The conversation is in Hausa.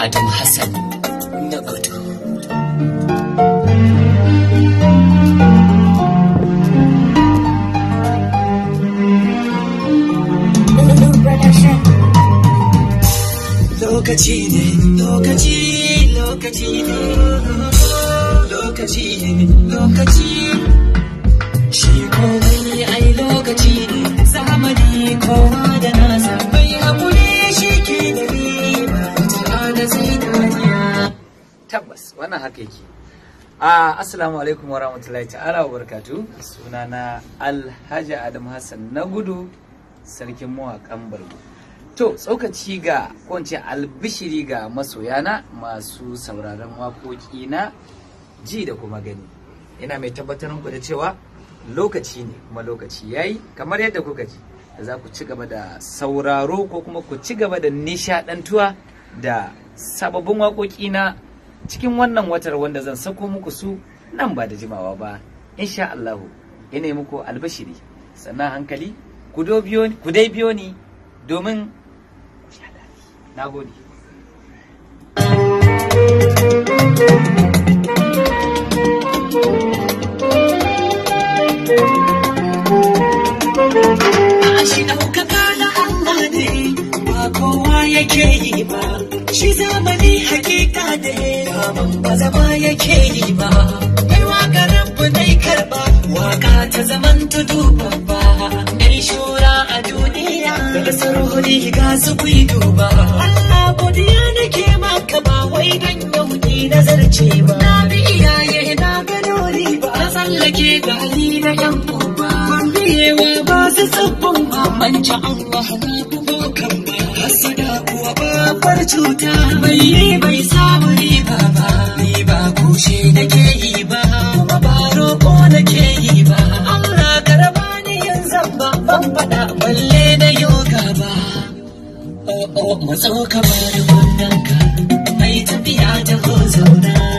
Adam Hassan Nagudu. Lokaci ne, lokaci, lokaci ne, lokaci ne, tabbas wannan haka yake a assalamu alaikum wa rahmatullahi ta'ala wa Suna na alhaji adam hassan na gudu sarkin mawaƙan bargo to tsokaci ga kwance albishiri ga masoyana masu sauraron waƙoƙi na ji da kuma gani ina mai tabbatar da cewa lokaci ne kuma lokaci ya yi kamar yadda kuka ji da za ku ci gaba da sauraro ko kuma ku ci gaba da nishaɗantuwa da sababbin waƙoƙi na cikin wannan watar wanda zan sako muku su nan ba da jimawa ba insha Allahu nemi muku albashiri sannan hankali ku dai biyo ni domin ku sha na gode shi ɗaukaka Allah ne ba kowa yake yi ba shi zamani da ba zama yake yi ba kai waka rabu dai karba waka ta zaman tudu babba dai shura a duniya da sarhuri ga su ku duba Allah godiya nake maka ba wai dan yau ni ba na bi iyaye na ba. Na tsallake gani da yan uba ban biyewa ba su tsabbin ba manja Allah na kuma kan ba babbar cuta bai yi bai samu riba ba ni ba kushe nake yi ba kuma ba roƙo nake yi ba Allah karba ni yin zamba ban faɗa balle na yoga ba o oh, o oh, matso ka ba da wannan ka mai tafiya ta ko zauna